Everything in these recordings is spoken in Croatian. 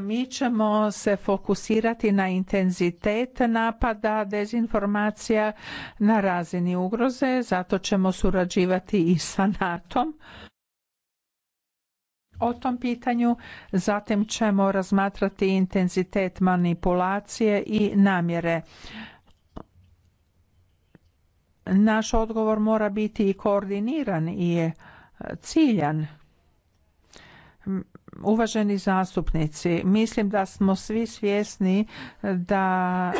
Mi ćemo se fokusirati na intenzitet napada, dezinformacija na razini ugroze, zato ćemo surađivati i sa NATO-om o tom pitanju, zatim ćemo razmatrati intenzitet manipulacije i namjere. Naš odgovor mora biti i koordiniran i ciljan. Uvaženi zastupnici, mislim da smo svi svjesni da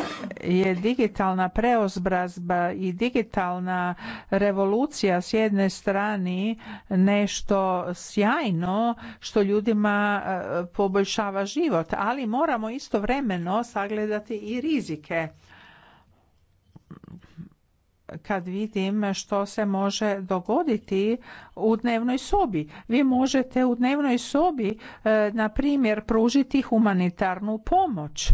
je digitalna preozbrazba i digitalna revolucija s jedne strane nešto sjajno što ljudima e, poboljšava život, ali moramo istovremeno sagledati i rizike kad vidim što se može dogoditi u dnevnoj sobi. Vi možete u dnevnoj sobi, e, na primjer, pružiti humanitarnu pomoć.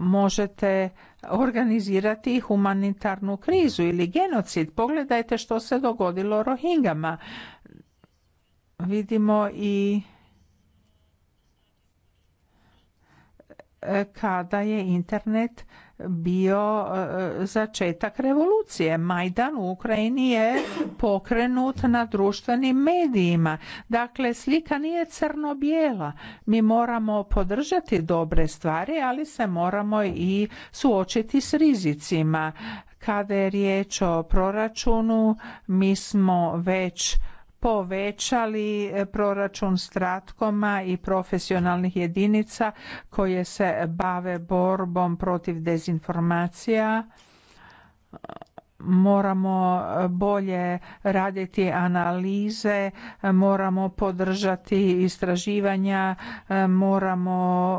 Možete organizirati humanitarnu krizu ili genocid. Pogledajte što se dogodilo Rohingama. Vidimo i e, kada je internet bio e, e, začetak revolucije. Majdan u Ukrajini je pokrenut na društvenim medijima. Dakle, slika nije crno-bijela. Mi moramo podržati dobre stvari, ali se moramo i suočiti s rizicima. Kada je riječ o proračunu, mi smo već povećali e, proračun stratkoma i profesionalnih jedinica koje se bave borbom protiv dezinformacija e, moramo bolje raditi analize, e, moramo podržati istraživanja, moramo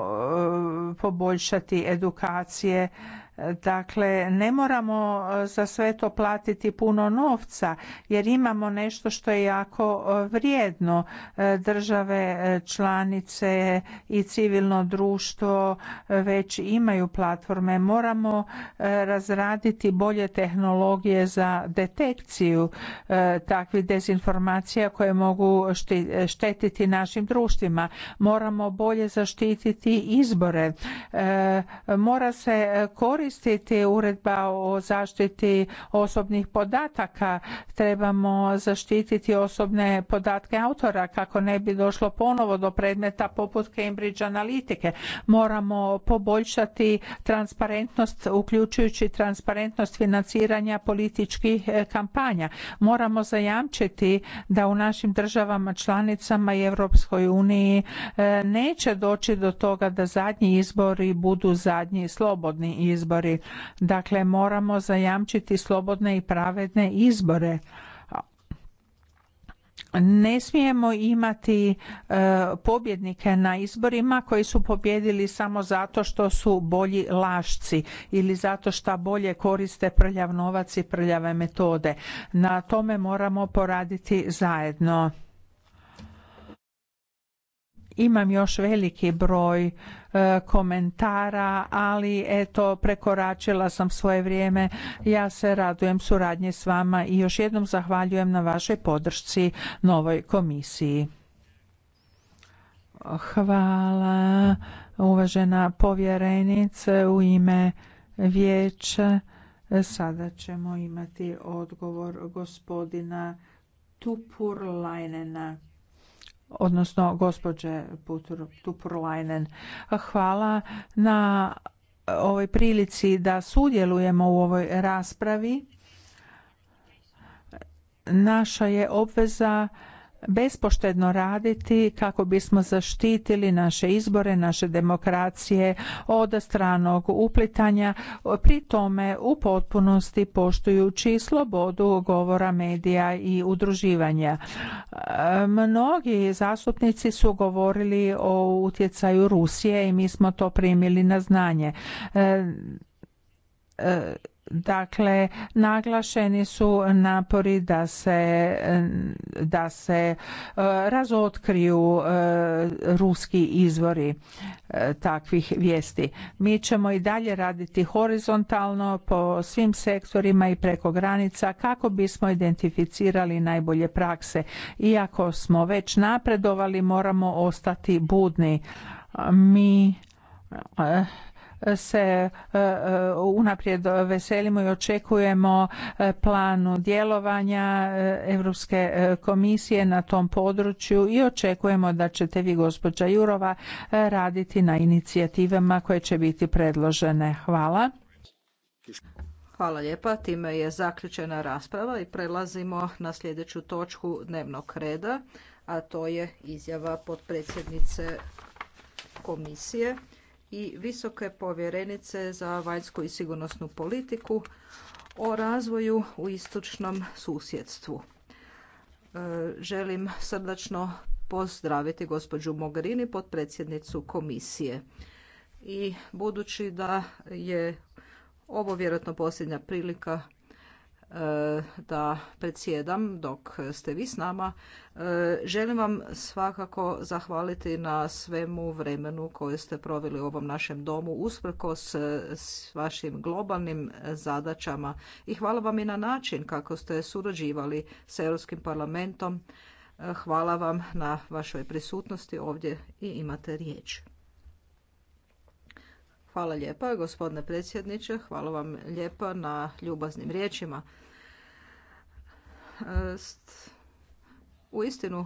poboljšati edukacije Dakle, ne moramo e, za sve to platiti puno novca jer imamo nešto što je jako e, vrijedno. E, države, članice i civilno društvo već imaju platforme. Moramo razraditi bolje tehnologije za detekciju takvih dezinformacija koje mogu štetiti našim društvima. Moramo bolje zaštititi izbore. Mora se koristiti koristiti uredba o zaštiti osobnih podataka. Trebamo zaštititi osobne podatke autora kako ne bi došlo ponovo do predmeta poput Cambridge analitike. Moramo poboljšati transparentnost uključujući transparentnost financiranja političkih e, kampanja. Moramo zajamčiti da u našim državama članicama i Europskoj uniji e, neće doći do toga da zadnji izbori budu zadnji slobodni izbori izbori. Dakle, moramo zajamčiti slobodne i pravedne izbore ne smijemo imati e, pobjednike na izborima koji su pobjedili samo zato što su bolji lašci ili zato što bolje koriste prljav novac i prljave metode. Na tome moramo poraditi zajedno imam još veliki broj e, komentara, ali eto prekoračila sam svoje vrijeme. Ja se radujem suradnje s vama i još jednom zahvaljujem na vašoj podršci novoj komisiji. Hvala uvažena povjerenice u ime vijeća. Sada ćemo imati odgovor gospodina Tupurlajnena odnosno gospođe Tupurlainen. Hvala na ovoj prilici da sudjelujemo u ovoj raspravi. Naša je obveza bespoštedno raditi kako bismo zaštitili naše izbore, naše demokracije od stranog uplitanja, pri tome u potpunosti poštujući slobodu govora medija i udruživanja. Mnogi zastupnici su govorili o utjecaju Rusije i mi smo to primili na znanje. Dakle, naglašeni su napori da se, da se e, razotkriju e, ruski izvori e, takvih vijesti. Mi ćemo i dalje raditi horizontalno po svim sektorima i preko granica kako bismo identificirali najbolje prakse. Iako smo već napredovali moramo ostati budni. Mi se e, e, unaprijed veselimo i očekujemo e, planu djelovanja Europske komisije na tom području i očekujemo da ćete vi gospođa Jurova raditi na inicijativama koje će biti predložene. Hvala. Hvala lijepa. Time je zaključena rasprava i prelazimo na sljedeću točku dnevnog reda, a to je izjava potpredsjednice komisije i visoke povjerenice za vanjsku i sigurnosnu politiku o razvoju u istočnom susjedstvu. E, želim srdačno pozdraviti gospođu Mogherini, potpredsjednicu komisije. I budući da je ovo vjerojatno posljednja prilika E, da predsjedam dok ste vi s nama. E, želim vam svakako zahvaliti na svemu vremenu koje ste proveli u ovom našem domu usprkos e, s vašim globalnim zadaćama i hvala vam i na način kako ste surađivali s Europskim parlamentom. Hvala vam na vašoj prisutnosti ovdje i imate riječ. Hvala lijepa, gospodine predsjedniče. Hvala vam lijepa na ljubaznim riječima. E, u istinu,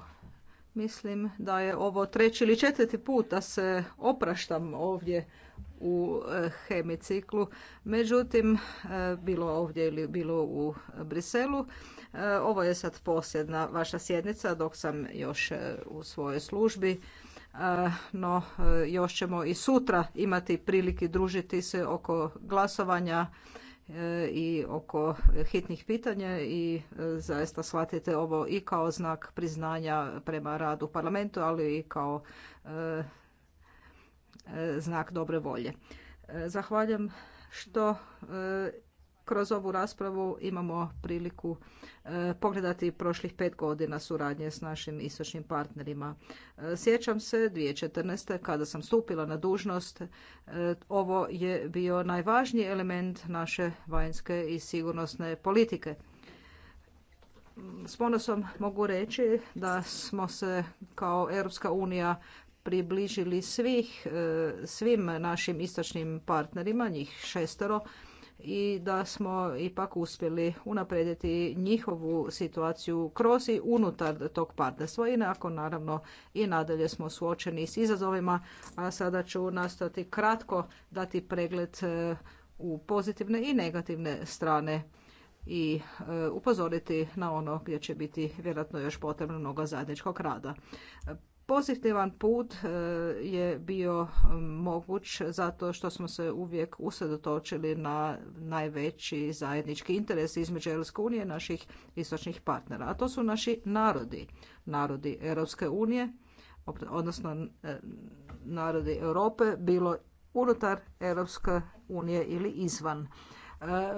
mislim da je ovo treći ili četvrti put da se opraštam ovdje u e, hemiciklu. Međutim, e, bilo ovdje ili bilo u Briselu, ovo je sad posljedna vaša sjednica dok sam još u svojoj službi no e, još ćemo i sutra imati prilike družiti se oko glasovanja e, i oko hitnih pitanja i e, zaista shvatite ovo i kao znak priznanja prema radu parlamentu, ali i kao znak dobre volje. Zahvaljujem što kroz ovu raspravu imamo priliku e, pogledati prošlih pet godina suradnje s našim istočnim partnerima. E, sjećam se 2014. kada sam stupila na dužnost, e, ovo je bio najvažniji element naše vanjske i sigurnosne politike. S ponosom mogu reći da smo se kao Europska unija približili svih, svim našim istočnim partnerima, njih šestero, i da smo ipak uspjeli unaprijediti njihovu situaciju kroz i unutar tog partnerstva i nakon naravno i nadalje smo suočeni s izazovima, a sada ću nastati kratko dati pregled e, u pozitivne i negativne strane i e, upozoriti na ono gdje će biti vjerojatno još potrebno mnogo zajedničkog rada. Pozitivan put e, je bio e, moguć zato što smo se uvijek usredotočili na najveći zajednički interes između Europske unije i naših istočnih partnera, a to su naši narodi, narodi Europske unije, odnosno e, narodi Europe, bilo unutar Europske unije ili izvan.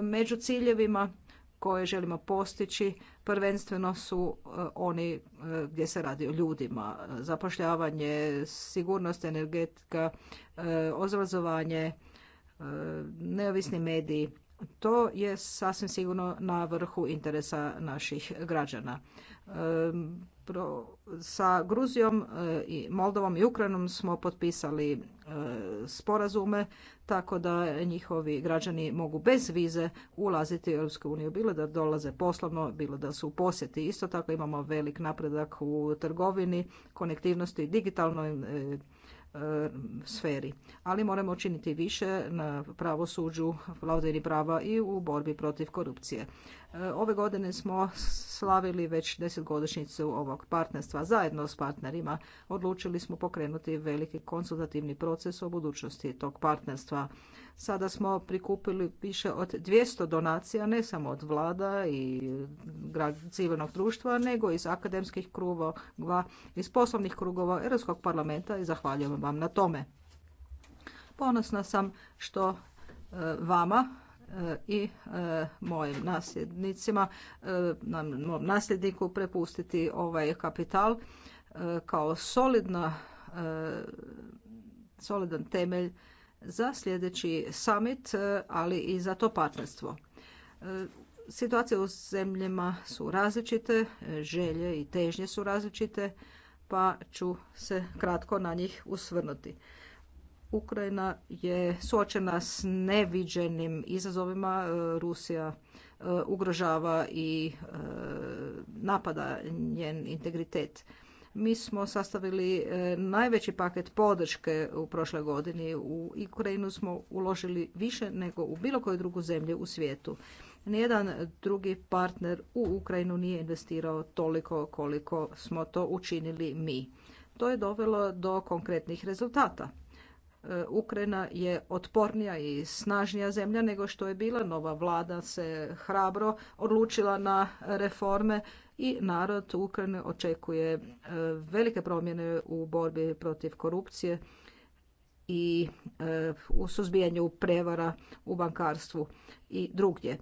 Među ciljevima koje želimo postići prvenstveno su e, oni e, gdje se radi o ljudima. Zapošljavanje, sigurnost, energetika, e, obrazovanje, neovisni mediji. To je sasvim sigurno na vrhu interesa naših građana. Sa Gruzijom e, i Moldovom i Ukrajinom smo potpisali e, sporazume tako da njihovi građani mogu bez vize ulaziti u EU, bilo da dolaze poslovno, bilo da su u posjeti. Isto tako imamo velik napredak u trgovini, konektivnosti, digitalnoj e, E, sferi. Ali moramo učiniti više na pravosuđu, vladavini prava i u borbi protiv korupcije. E, ove godine smo slavili već desetgodišnjicu ovog partnerstva. Zajedno s partnerima odlučili smo pokrenuti veliki konsultativni proces o budućnosti tog partnerstva. Sada smo prikupili više od 200 donacija, ne samo od vlada i civilnog društva, nego iz akademskih krugova, iz poslovnih krugova Europskog parlamenta i zahvaljujem vam na tome. Ponosna sam što e, vama e, i e, mojim nasljednicima, mom nasljedniku prepustiti ovaj kapital kao solidna, solidan temelj za sljedeći summit, e, ali i za to partnerstvo. E, situacije u zemljama su različite, želje i težnje su različite, pa ću se kratko na njih usvrnuti. Ukrajina je suočena s neviđenim izazovima. E, Rusija ugrožava i napada njen integritet. Mi smo sastavili e, najveći paket podrške u prošloj godini. U Ukrajinu smo uložili više nego u bilo koju drugu zemlju u svijetu. Nijedan drugi partner u Ukrajinu nije investirao toliko koliko smo to učinili mi. To je dovelo do konkretnih rezultata. E, Ukrajina je otpornija i snažnija zemlja nego što je bila. Nova vlada se hrabro odlučila na reforme i narod Ukrajine očekuje e, velike promjene u borbi protiv korupcije i e, u suzbijanju prevara u bankarstvu i drugdje. E,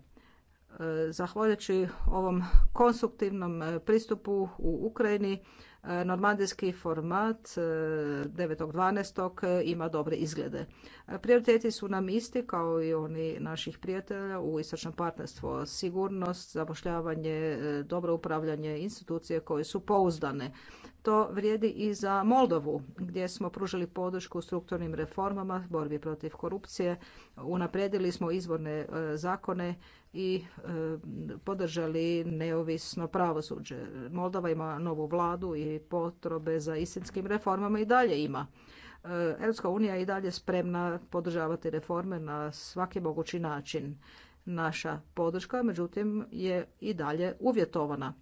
zahvaljujući ovom konstruktivnom pristupu u Ukrajini Normandijski format 9.12. E, ima dobre izglede. Prioriteti su nam isti kao i oni naših prijatelja u istočnom partnerstvu. Sigurnost, zapošljavanje, e, dobro upravljanje institucije koje su pouzdane. To vrijedi i za Moldovu, gdje smo pružili podršku strukturnim reformama, borbi protiv korupcije, unaprijedili smo izvorne e, zakone i e, podržali neovisno pravosuđe. Moldova ima novu vladu i potrebe za istinskim reformama i dalje ima. E, Europska unija je i dalje spremna podržavati reforme na svaki mogući način. Naša podrška, međutim, je i dalje uvjetovana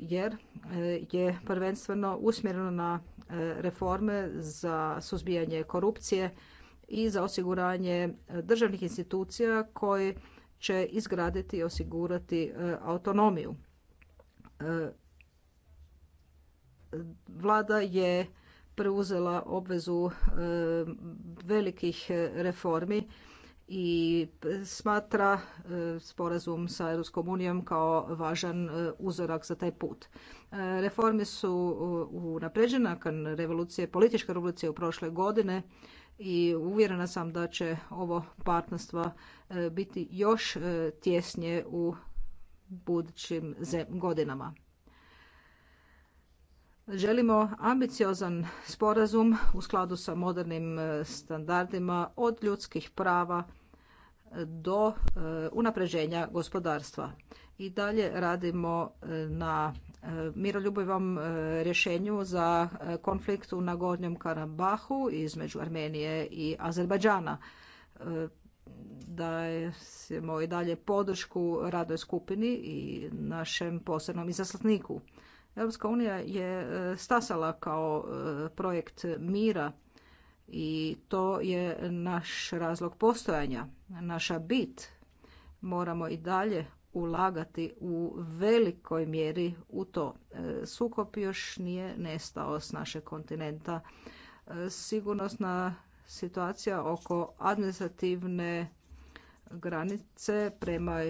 jer e, je prvenstveno usmjereno na e, reforme za suzbijanje korupcije i za osiguranje e, državnih institucija koje će izgraditi i osigurati autonomiju. Vlada je preuzela obvezu velikih reformi i smatra e, sporazum sa Europskom unijom kao važan e, uzorak za taj put. E, reforme su unapređene nakon revolucije, političke revolucije u prošle godine i uvjerena sam da će ovo partnerstvo biti još tjesnije u budućim godinama. Želimo ambiciozan sporazum u skladu sa modernim e, standardima od ljudskih prava do e, unapređenja gospodarstva. I dalje radimo e, na miroljubivom rješenju za konflikt na Gornjem Karabahu između Armenije i Azerbajdžana. Dajemo i dalje podršku radoj skupini i našem posebnom izaslaniku. Europska unija je e, stasala kao e, projekt mira i to je naš razlog postojanja, naša bit. Moramo i dalje ulagati u velikoj mjeri u to. E, Sukop još nije nestao s našeg kontinenta. Sigurnosna situacija oko administrativne granice prema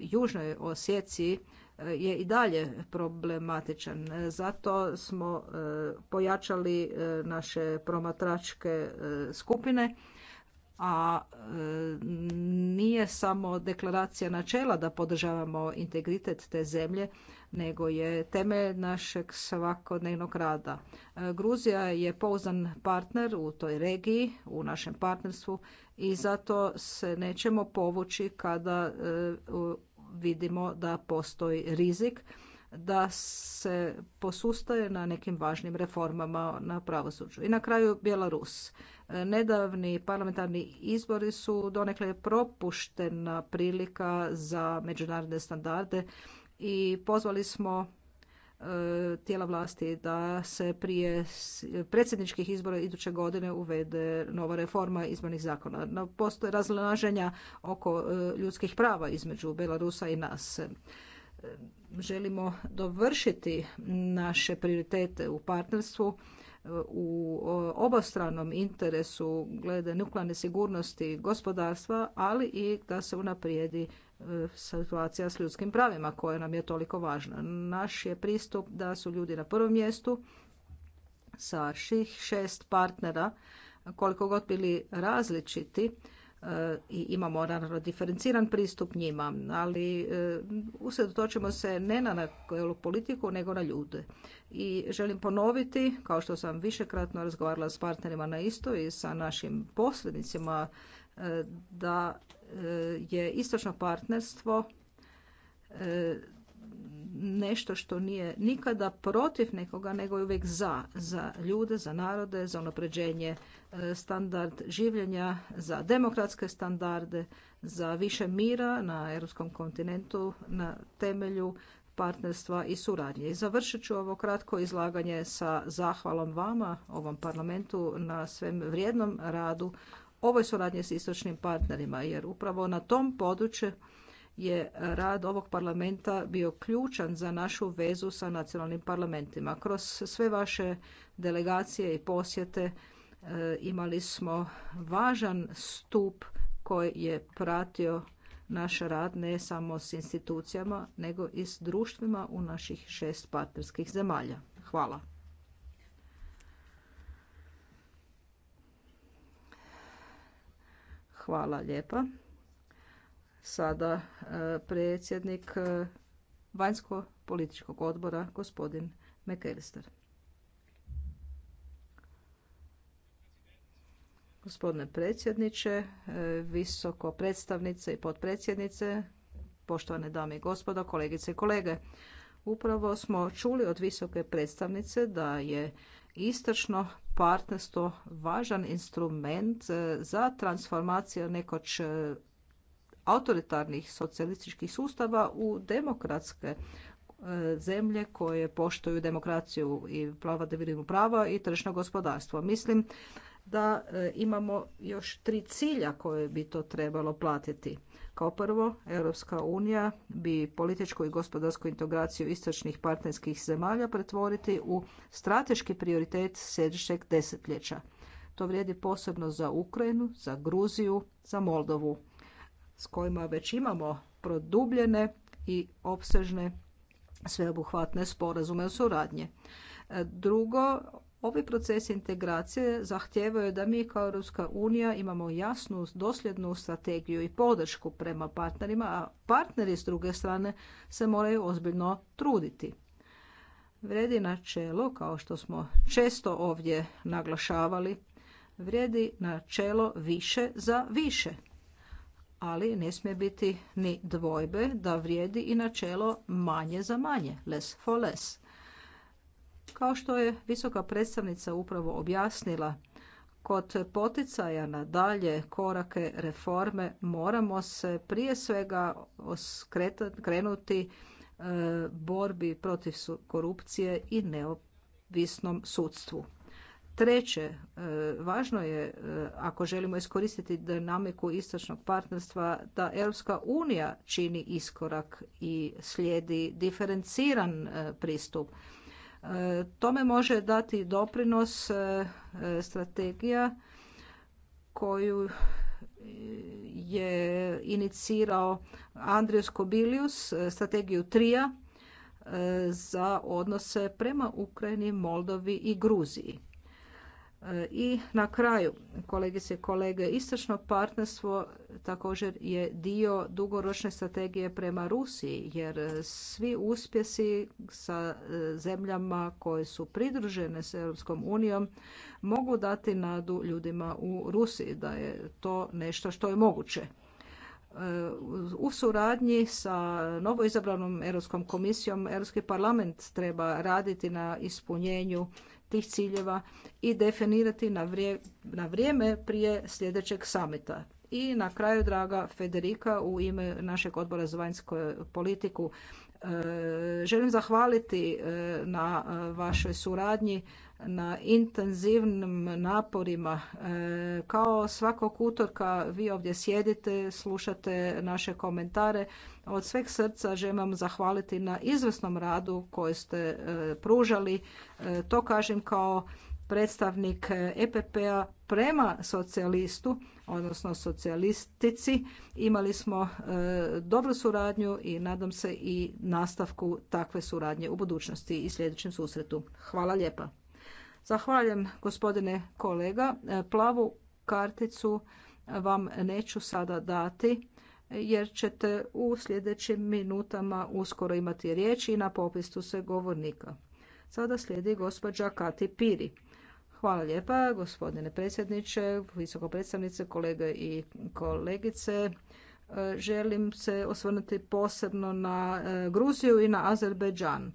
južnoj Osjeciji je i dalje problematičan. Zato smo e, pojačali e, naše promatračke e, skupine, a nije samo deklaracija načela da podržavamo integritet te zemlje, nego je temelj našeg svakodnevnog rada. Gruzija je pouzan partner u toj regiji, u našem partnerstvu i zato se nećemo povući kada vidimo da postoji rizik da se posustaje na nekim važnim reformama na pravosuđu. I na kraju Bjelarus. Nedavni parlamentarni izbori su donekle propuštena prilika za međunarodne standarde i pozvali smo E, tijela vlasti da se prije predsjedničkih izbora iduće godine uvede nova reforma izbornih zakona. No, postoje razlaženja oko e, ljudskih prava između Belarusa i nas. E, želimo dovršiti naše prioritete u partnerstvu u obostranom interesu glede nuklearne sigurnosti gospodarstva, ali i da se unaprijedi situacija s ljudskim pravima koja nam je toliko važna. Naš je pristup da su ljudi na prvom mjestu sa šest partnera koliko god bili različiti i imamo naravno diferenciran pristup njima, ali e, usredotočimo se ne na politiku, nego na ljude. I želim ponoviti, kao što sam višekratno razgovarala s partnerima na isto i sa našim posrednicima e, da e, je istočno partnerstvo nešto što nije nikada protiv nekoga, nego je uvijek za, za ljude, za narode, za unapređenje e, standard življenja, za demokratske standarde, za više mira na europskom kontinentu na temelju partnerstva i suradnje. I završit ću ovo kratko izlaganje sa zahvalom vama, ovom parlamentu, na svem vrijednom radu ovoj suradnji s istočnim partnerima, jer upravo na tom području je rad ovog parlamenta bio ključan za našu vezu sa nacionalnim parlamentima. Kroz sve vaše delegacije i posjete e, imali smo važan stup koji je pratio naš rad ne samo s institucijama nego i s društvima u naših šest partnerskih zemalja. Hvala. Hvala lijepa sada e, predsjednik e, vanjsko-političkog odbora, gospodin McAllister. Gospodine predsjedniče, e, visoko predstavnice i potpredsjednice, poštovane dame i gospodo, kolegice i kolege. Upravo smo čuli od visoke predstavnice da je istočno partnerstvo važan instrument za transformaciju nekoć autoritarnih socijalističkih sustava u demokratske e, zemlje koje poštuju demokraciju i vladavinu prava i tržišno gospodarstvo. Mislim da e, imamo još tri cilja koje bi to trebalo platiti. Kao prvo, Europska unija bi političku i gospodarsku integraciju istočnih partnerskih zemalja pretvoriti u strateški prioritet sljedećeg desetljeća. To vrijedi posebno za Ukrajinu, za Gruziju, za Moldovu s kojima već imamo produbljene i opsežne sveobuhvatne sporazume o suradnji. E, drugo, Ovi procesi integracije zahtijevaju da mi kao Europska unija imamo jasnu, dosljednu strategiju i podršku prema partnerima, a partneri s druge strane se moraju ozbiljno truditi. Vrijedi načelo, kao što smo često ovdje naglašavali, vrijedi načelo više za više ali ne smije biti ni dvojbe da vrijedi i načelo manje za manje, less for less. Kao što je visoka predstavnica upravo objasnila, kod poticaja na dalje korake reforme moramo se prije svega krenuti e, borbi protiv korupcije i neovisnom sudstvu. Treće, e, važno je e, ako želimo iskoristiti dinamiku istočnog partnerstva da Europska unija čini iskorak i slijedi diferenciran e, pristup. Tome može dati doprinos strategija koju je inicirao Andrius Kobilius, strategiju trija za odnose prema Ukrajini, Moldovi i Gruziji. I na kraju, kolegice i kolege, istočno partnerstvo također je dio dugoročne strategije prema Rusiji, jer svi uspjesi sa e, zemljama koje su pridružene s Europskom unijom mogu dati nadu ljudima u Rusiji da je to nešto što je moguće. E, u suradnji sa novoizabranom Europskom komisijom Europski parlament treba raditi na ispunjenju tih ciljeva i definirati na vrijeme prije sljedećeg samita. I na kraju, draga Federika, u ime našeg odbora za vanjsku politiku, e, želim zahvaliti e, na e, vašoj suradnji na intenzivnim naporima. E, kao svakog utorka vi ovdje sjedite, slušate naše komentare. Od sveg srca želim vam zahvaliti na izvrsnom radu koji ste e, pružali. E, to kažem kao predstavnik EPP-a prema socijalistu, odnosno socijalistici. Imali smo dobru suradnju i nadam se i nastavku takve suradnje u budućnosti i sljedećem susretu. Hvala lijepa. Zahvaljujem gospodine kolega. E, plavu karticu vam neću sada dati jer ćete u sljedećim minutama uskoro imati riječ i na popisu se govornika. Sada slijedi gospođa Kati Piri. Hvala lijepa gospodine predsjedniče, visoko predstavnice, kolege i kolegice. E, želim se osvrnuti posebno na e, Gruziju i na Azerbejdžan.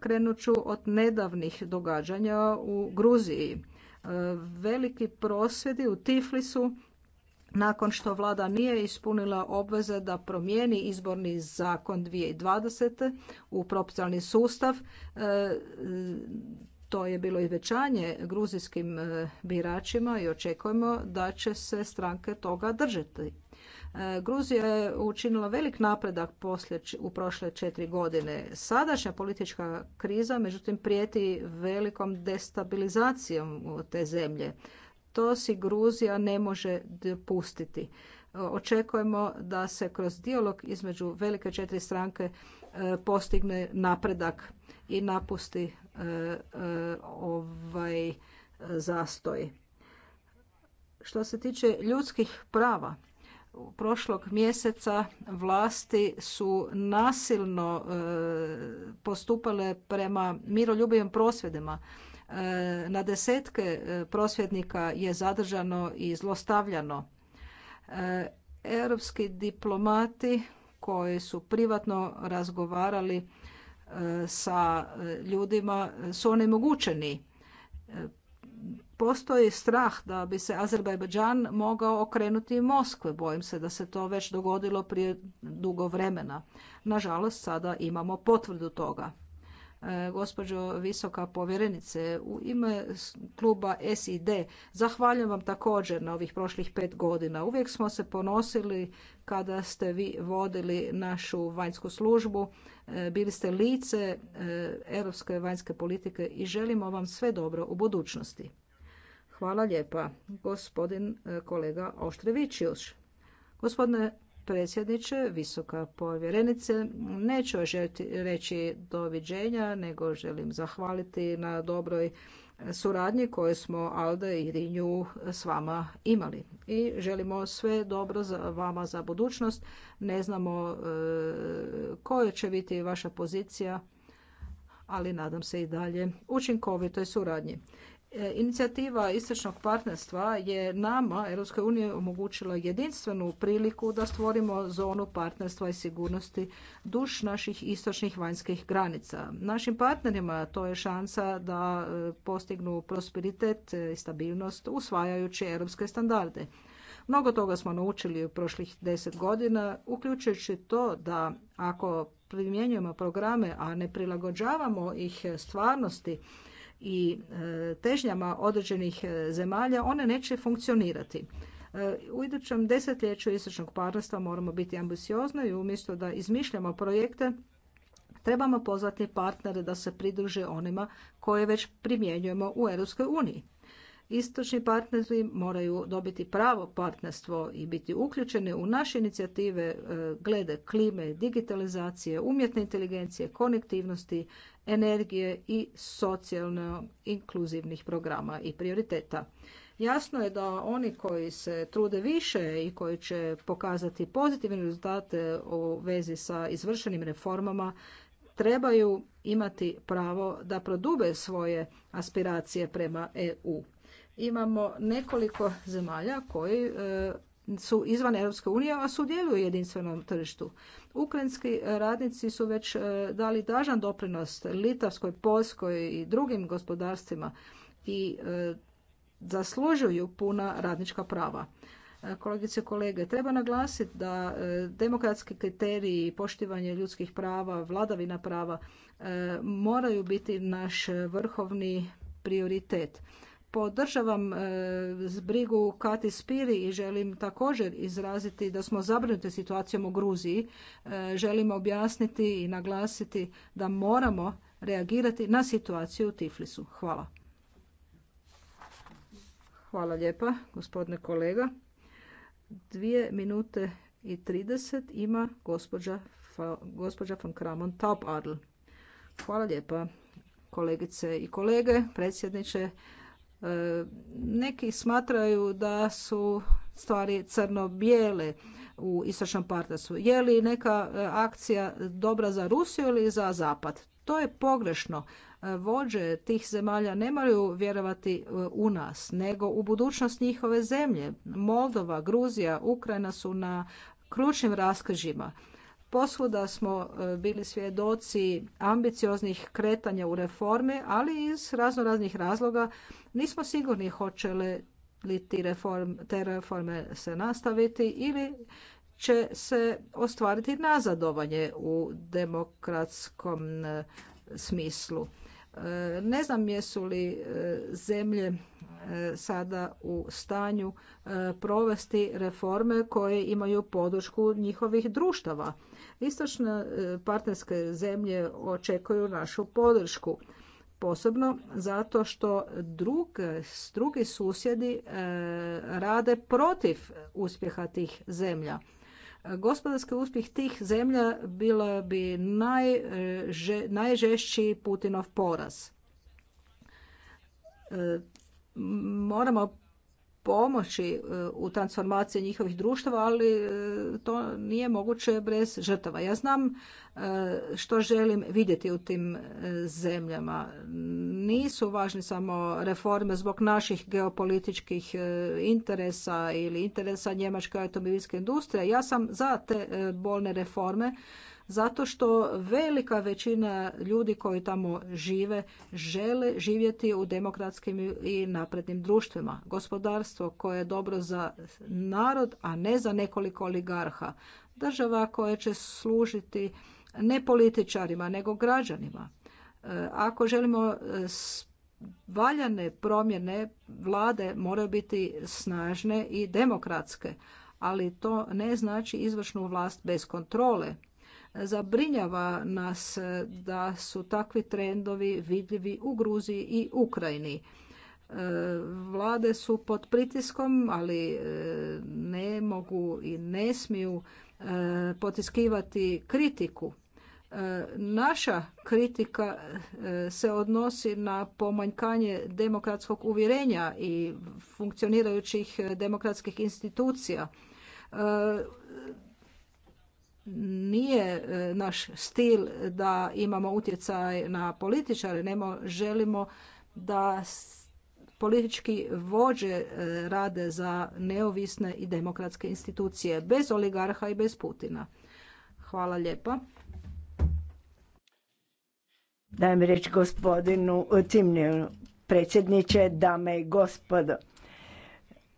Krenut ću od nedavnih događanja u Gruziji. E, veliki prosvjedi u Tiflisu nakon što vlada nije ispunila obveze da promijeni izborni zakon 2020. u proporcionalni sustav. E, to je bilo i gruzijskim e, biračima i očekujemo da će se stranke toga držati. E, Gruzija je učinila velik napredak u prošle četiri godine. Sadašnja politička kriza, međutim, prijeti velikom destabilizacijom te zemlje. To si Gruzija ne može pustiti. E, očekujemo da se kroz dijalog između velike četiri stranke e, postigne napredak i napusti ovaj zastoj. Što se tiče ljudskih prava, prošlog mjeseca vlasti su nasilno e, postupale prema miroljubivim prosvjedima. E, na desetke e, prosvjednika je zadržano i zlostavljano. Europski diplomati koji su privatno razgovarali sa ljudima su onemogućeni postoji strah da bi se Azerbajdžan mogao okrenuti Moskve. Bojim se da se to već dogodilo prije dugo vremena. Nažalost, sada imamo potvrdu toga. E, gospođo visoka povjerenice, u ime kluba SID zahvaljujem vam također na ovih prošlih pet godina. Uvijek smo se ponosili kada ste vi vodili našu vanjsku službu. E, bili ste lice e, europske vanjske politike i želimo vam sve dobro u budućnosti. Hvala lijepa, gospodin e, kolega Oštrevićius. Gospodine predsjedniče, visoka povjerenice, neću reći doviđenja, nego želim zahvaliti na dobroj suradnji koju smo Alda i Rinju s vama imali. I želimo sve dobro za vama za budućnost. Ne znamo e, koja će biti vaša pozicija, ali nadam se i dalje učinkovitoj suradnji. E, inicijativa istočnog partnerstva je nama, Europskoj uniji, omogućila jedinstvenu priliku da stvorimo zonu partnerstva i sigurnosti duš naših istočnih vanjskih granica. Našim partnerima to je šansa da e, postignu prosperitet i stabilnost usvajajući europske standarde. Mnogo toga smo naučili u prošlih deset godina, uključujući to da ako primjenjujemo programe, a ne prilagođavamo ih stvarnosti, i e, težnjama određenih e, zemalja, one neće funkcionirati. E, u idućem desetljeću istočnog partnerstva moramo biti ambiciozni i umjesto da izmišljamo projekte, trebamo pozvati partnere da se pridruže onima koje već primjenjujemo u EU. Istočni partneri moraju dobiti pravo partnerstvo i biti uključeni u naše inicijative glede klime, digitalizacije, umjetne inteligencije, konektivnosti, energije i socijalno inkluzivnih programa i prioriteta. Jasno je da oni koji se trude više i koji će pokazati pozitivne rezultate u vezi sa izvršenim reformama trebaju imati pravo da prodube svoje aspiracije prema EU. Imamo nekoliko zemalja koji e, su izvan Europske unije, a sudjeluju u jedinstvenom tržištu. Ukrajinski radnici su već e, dali dažan doprinos Litavskoj, Poljskoj i drugim gospodarstvima i e, zaslužuju puna radnička prava. E, kolegice i kolege, treba naglasiti da demokratski kriteriji i poštivanje ljudskih prava, vladavina prava moraju biti naš vrhovni prioritet podržavam e, brigu Kati Spiri i želim također izraziti da smo zabrinuti situacijom u Gruziji. E, želim objasniti i naglasiti da moramo reagirati na situaciju u Tiflisu. Hvala. Hvala lijepa, gospodine kolega. Dvije minute i 30 ima gospođa, gospođa von Kramon Hvala lijepa kolegice i kolege, predsjedniče, neki smatraju da su stvari crno-bijele u istočnom partnerstvu. Je li neka e, akcija dobra za Rusiju ili za Zapad? To je pogrešno. E, vođe tih zemalja ne moraju vjerovati e, u nas, nego u budućnost njihove zemlje. Moldova, Gruzija, Ukrajina su na ključnim raskrižjima. Posvuda smo e, bili svjedoci ambicioznih kretanja u reforme, ali iz raznih razloga nismo sigurni hoće li te reforme se nastaviti ili će se ostvariti nazadovanje u demokratskom e, smislu. Ne znam jesu li e, zemlje e, sada u stanju e, provesti reforme koje imaju podršku njihovih društava. Istočne partnerske zemlje očekuju našu podršku. Posebno zato što drugi susjedi rade protiv uspjeha tih zemlja. Gospodarski uspjeh tih zemlja bilo bi najžešći Putinov poraz. E, moramo pomoći e, u transformaciji njihovih društava, ali e, to nije moguće bez žrtava. Ja znam e, što želim vidjeti u tim zemljama. Nisu važne samo reforme zbog naših geopolitičkih interesa ili interesa njemačke automobilske industrije. Ja sam za te bolne reforme zato što velika većina ljudi koji tamo žive žele živjeti u demokratskim i naprednim društvima. Gospodarstvo koje je dobro za narod, a ne za nekoliko oligarha. Država koja će služiti ne političarima, nego građanima. E, ako želimo e, valjane promjene vlade moraju biti snažne i demokratske, ali to ne znači izvršnu vlast bez kontrole. Zabrinjava nas e, da su takvi trendovi vidljivi u Gruziji i Ukrajini. E, vlade su pod pritiskom, ali e, ne mogu i ne smiju potiskivati kritiku. Naša kritika se odnosi na pomanjkanje demokratskog uvjerenja i funkcionirajućih demokratskih institucija nije e, naš stil da imamo utjecaj na političare, nemo želimo da politički vođe e, rade za neovisne i demokratske institucije, bez oligarha i bez Putina. Hvala lijepa. Dajem riječ gospodinu predsjedniče, dame i gospodo.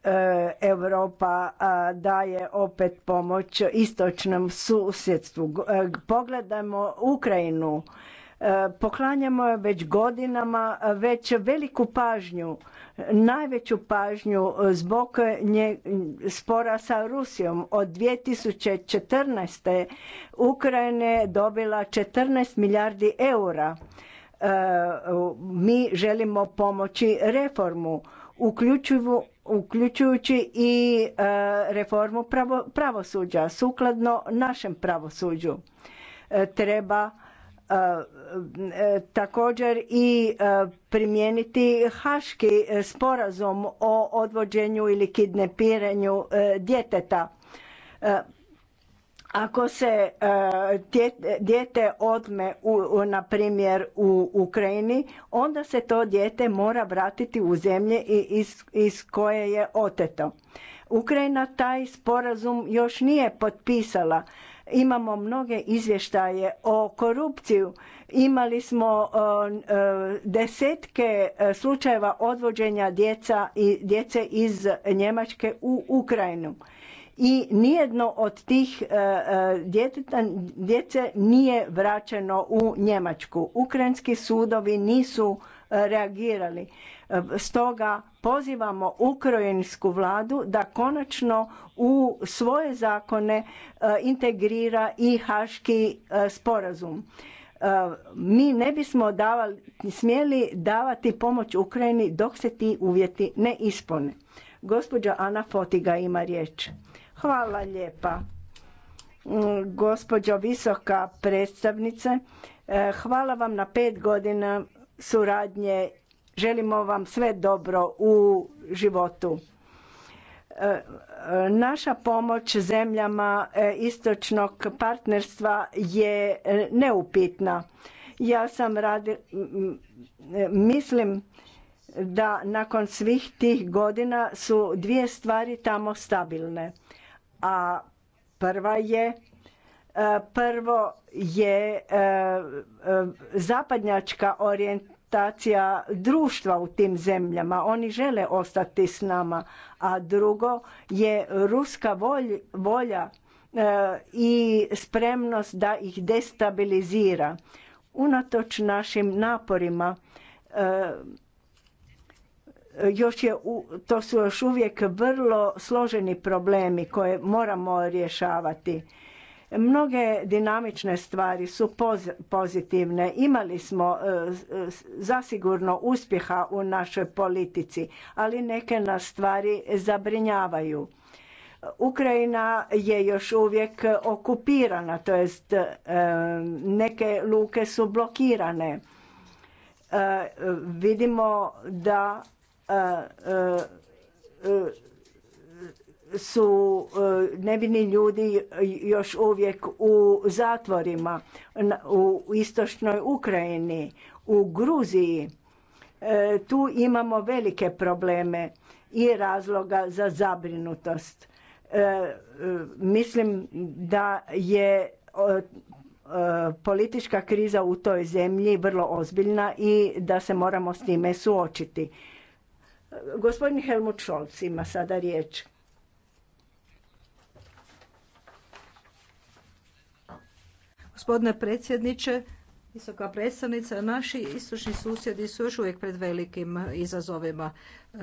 E, Europa daje opet pomoć istočnom susjedstvu. E, pogledajmo Ukrajinu. E, poklanjamo je već godinama, već veliku pažnju, najveću pažnju zbog spora sa Rusijom. Od 2014. Ukrajina je dobila 14 milijardi eura. Mi želimo pomoći reformu, uključivo uključujući i e, reformu pravosuđa sukladno našem pravosuđu. E, treba e, također i primijeniti haški sporazum o odvođenju ili kidnepiranju djeteta ako se e, dijete odme, na primjer, u Ukrajini, onda se to dijete mora vratiti u zemlje iz, koje je oteto. Ukrajina taj sporazum još nije potpisala. Imamo mnoge izvještaje o korupciju. Imali smo e, e, desetke slučajeva odvođenja djeca i djece iz Njemačke u Ukrajinu i nijedno od tih e, e, djece nije vraćeno u Njemačku. Ukrajinski sudovi nisu e, reagirali. Stoga pozivamo ukrajinsku vladu da konačno u svoje zakone integrira i haški sporazum. Mi ne bismo smjeli davati pomoć Ukrajini dok se ti uvjeti ne ispone. Gospođa Ana Fotiga ima riječ. Hvala lijepa. Gospođo visoka predstavnice, e, hvala vam na pet godina suradnje. Želimo vam sve dobro u životu. E, naša pomoć zemljama e, istočnog partnerstva je neupitna. Ja sam radi, mislim da nakon svih tih godina su dvije stvari tamo stabilne a prva je e, prvo je e, e, zapadnjačka orijentacija društva u tim zemljama. Oni žele ostati s nama. A drugo je ruska volja i spremnost da ih destabilizira. Unatoč našim naporima još je, to su još uvijek vrlo složeni problemi koje moramo rješavati. Mnoge dinamične stvari su pozitivne. Imali smo e, e, zasigurno uspjeha u našoj politici, ali neke nas stvari zabrinjavaju. Ukrajina je još uvijek okupirana, to jest e, neke luke su blokirane. Vidimo da su nevini ljudi još uvijek u zatvorima u istočnoj Ukrajini, u Gruziji. E, tu imamo velike probleme i razloga za zabrinutost. E, e, mislim da je politička kriza u toj zemlji vrlo ozbiljna i da se moramo s time suočiti. Gospodin Helmut Scholz ima sada riječ. Gospodine predsjedniče, Visoka predstavnica, naši istočni susjedi su još uvijek pred velikim izazovima. E,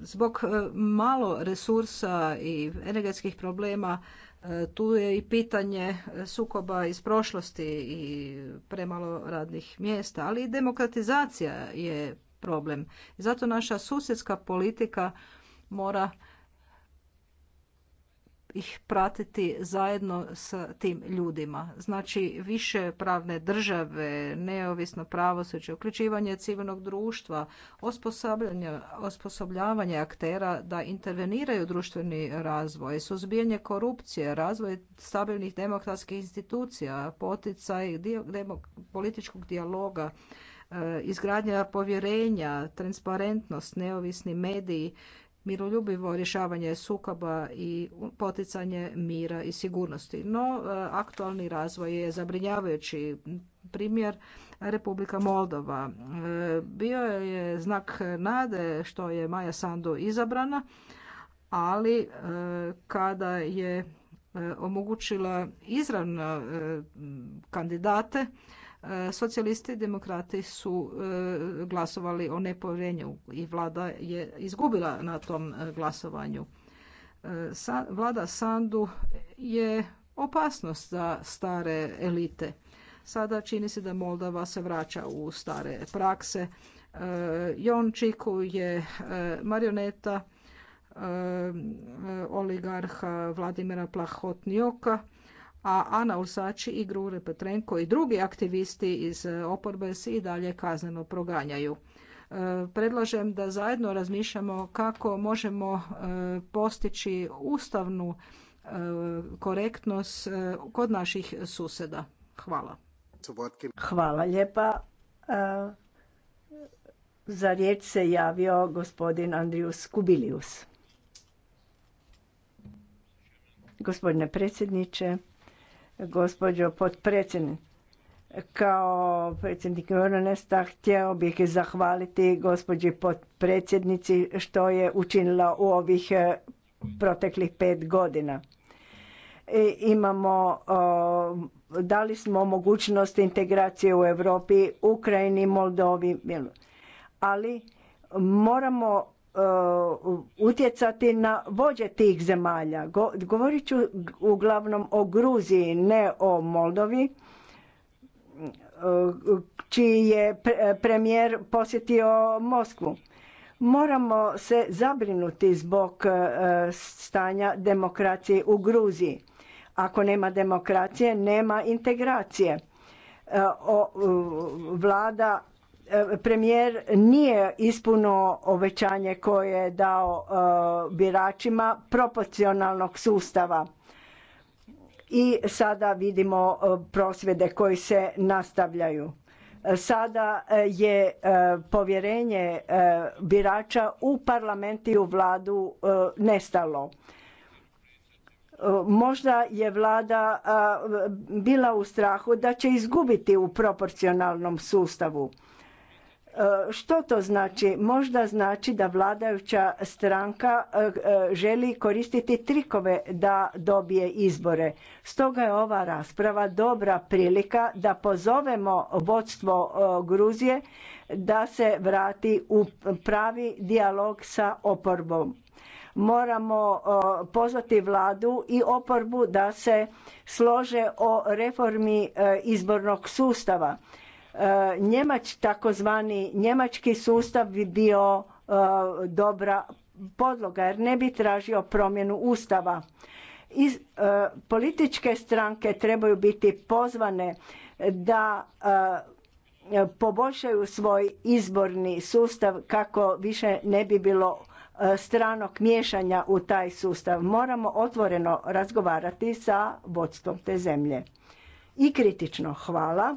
zbog e, malo resursa i energetskih problema e, tu je i pitanje sukoba iz prošlosti i premalo radnih mjesta, ali i demokratizacija je problem. zato naša susjedska politika mora ih pratiti zajedno s tim ljudima. Znači više pravne države, neovisno pravosuđe, uključivanje civilnog društva, osposobljavanje aktera da interveniraju društveni razvoj, suzbijanje korupcije, razvoj stabilnih demokratskih institucija, poticaj političkog dijaloga, izgradnja povjerenja, transparentnost, neovisni mediji, miroljubivo rješavanje sukoba i poticanje mira i sigurnosti. No, e, aktualni razvoj je zabrinjavajući primjer Republika Moldova. E, bio je znak nade što je Maja Sandu izabrana, ali e, kada je omogućila izravno kandidate, E, socijalisti i demokrati su e, glasovali o nepovjerenju i vlada je izgubila na tom e, glasovanju. Vlada Sandu je opasnost za stare elite. Sada čini se da Moldava se vraća u stare prakse. Jončiku je marioneta oligarha Vladimira Plahotnioka a Ana Usači i Grure Petrenko i drugi aktivisti iz oporbe se i dalje kazneno proganjaju. E, predlažem da zajedno razmišljamo kako možemo e, postići ustavnu e, korektnost kod naših suseda. Hvala. Hvala lijepa. Za riječ se javio gospodin Andrius Kubilius. Gospodine predsjedniče, gospođo potpredsjednice. Kao predsjednik Euronesta htio bih zahvaliti gospođi potpredsjednici što je učinila u ovih e, proteklih pet godina. E, imamo, dali smo mogućnost integracije u Europi, Ukrajini, Moldovi, ali moramo Uh, utjecati na vođe tih zemalja. Govorit ću uglavnom o Gruziji, ne o Moldovi, uh, čiji je premijer posjetio Moskvu. Moramo se zabrinuti zbog uh, stanja demokracije u Gruziji. Ako nema demokracije, nema integracije. Vlada premijer nije ispuno obećanje koje je dao e, biračima proporcionalnog sustava i sada vidimo e, prosvjede koji se nastavljaju e, sada je povjerenje birača u parlament i u vladu nestalo možda je vlada bila u strahu da će izgubiti u proporcionalnom sustavu E, što to znači? Možda znači da vladajuća stranka e, e, želi koristiti trikove da dobije izbore. Stoga je ova rasprava dobra prilika da pozovemo vodstvo Gruzije da se vrati u pravi dijalog sa oporbom. Moramo pozvati vladu i oporbu da se slože o reformi izbornog sustava E, Njemać, takozvani njemački sustav bi bio e, dobra podloga jer ne bi tražio promjenu ustava. E, političke stranke trebaju biti pozvane da poboljšaju svoj izborni sustav kako više ne bi bilo stranog miješanja u taj sustav. Moramo otvoreno razgovarati sa vodstvom te zemlje. I kritično hvala.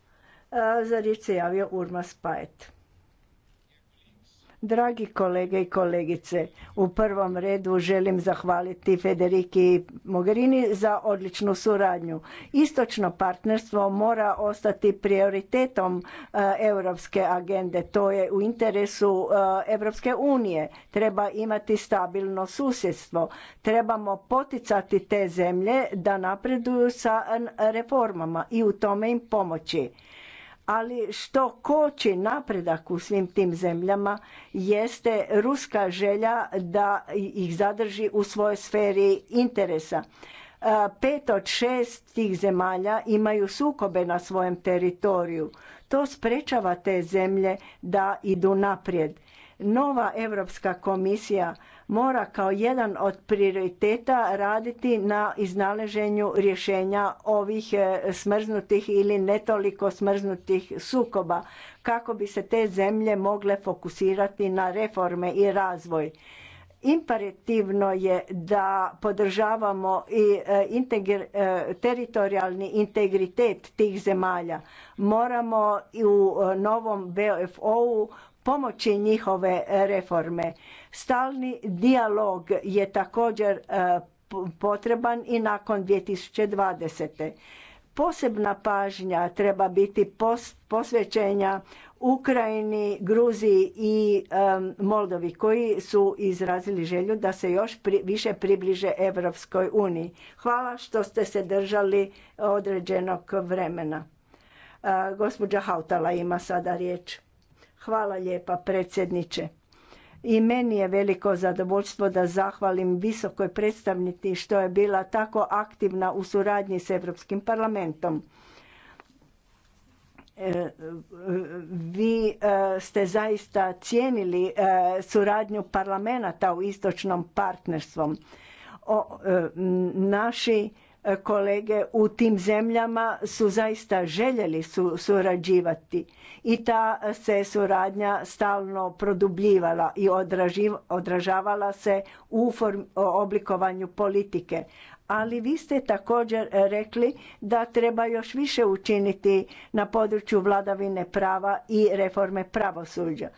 Eh, za riječ se javio Urmas Dragi kolege i kolegice, u prvom redu želim zahvaliti Federiki Mogherini za odličnu suradnju. Istočno partnerstvo mora ostati prioritetom eh, europske agende. To je u interesu Europske eh, unije. Treba imati stabilno susjedstvo. Trebamo poticati te zemlje da napreduju sa reformama i u tome im pomoći ali što koči napredak u svim tim zemljama jeste ruska želja da ih zadrži u svojoj sferi interesa. E, pet od šest tih zemalja imaju sukobe na svojem teritoriju. To sprečava te zemlje da idu naprijed. Nova Europska komisija mora kao jedan od prioriteta raditi na iznalaženju rješenja ovih e, smrznutih ili netoliko smrznutih sukoba kako bi se te zemlje mogle fokusirati na reforme i razvoj. Imperativno je da podržavamo i e, e, teritorijalni integritet tih zemalja. Moramo i u novom BFO-u pomoći njihove reforme. Stalni dijalog je također e, potreban i nakon 2020. Posebna pažnja treba biti posvećenja Ukrajini, Gruziji i e, Moldovi koji su izrazili želju da se još više približe Europskoj uniji. Hvala što ste se držali određenog vremena. E, gospođa Hautala ima sada riječ. Hvala lijepa predsjedniče. I meni je veliko zadovoljstvo da zahvalim visokoj predstavnici što je bila tako aktivna u suradnji s Europskim parlamentom. E, vi e, ste zaista cijenili e, suradnju parlamenta u istočnom partnerstvom. Naši E, kolege u tim zemljama su zaista željeli su surađivati i ta se suradnja stalno produbljivala i odražavala se u oblikovanju politike ali vi ste također rekli da treba još više učiniti na području vladavine prava i reforme pravosuđa.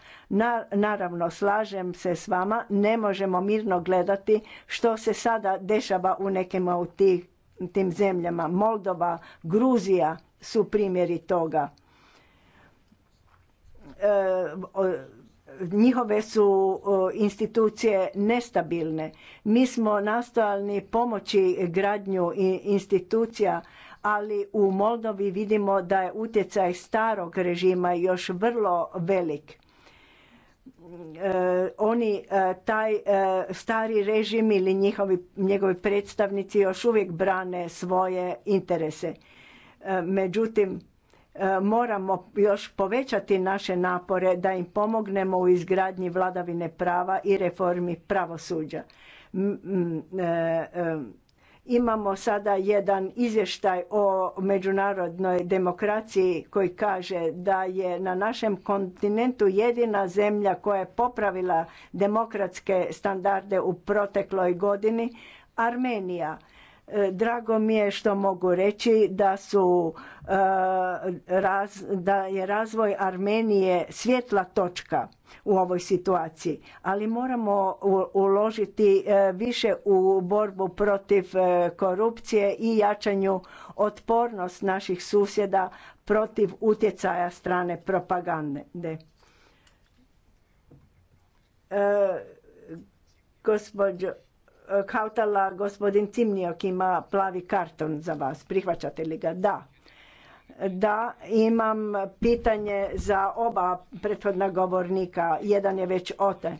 Naravno, slažem se s vama, ne možemo mirno gledati što se sada dešava u nekim od tih tim zemljama. Moldova, Gruzija su primjeri toga. E, njihove su institucije nestabilne. Mi smo nastojali pomoći gradnju institucija, ali u Moldovi vidimo da je utjecaj starog režima još vrlo velik E, oni e, taj e, stari režim ili njihovi, njegovi predstavnici još uvijek brane svoje interese. Međutim, moramo još povećati naše napore da im pomognemo u izgradnji vladavine prava i reformi pravosuđa. Imamo sada jedan izvještaj o međunarodnoj demokraciji koji kaže da je na našem kontinentu jedina zemlja koja je popravila demokratske standarde u protekloj godini Armenija E, drago mi je što mogu reći da su e, da je razvoj Armenije svjetla točka u ovoj situaciji, ali moramo uložiti e, više u borbu protiv korupcije i jačanju otpornost naših susjeda protiv utjecaja strane propagande. Gospođo Kautala, gospodin Cimnijak ima plavi karton za vas. Prihvaćate li ga? Da. Da, imam pitanje za oba prethodna govornika. Jedan je već ote.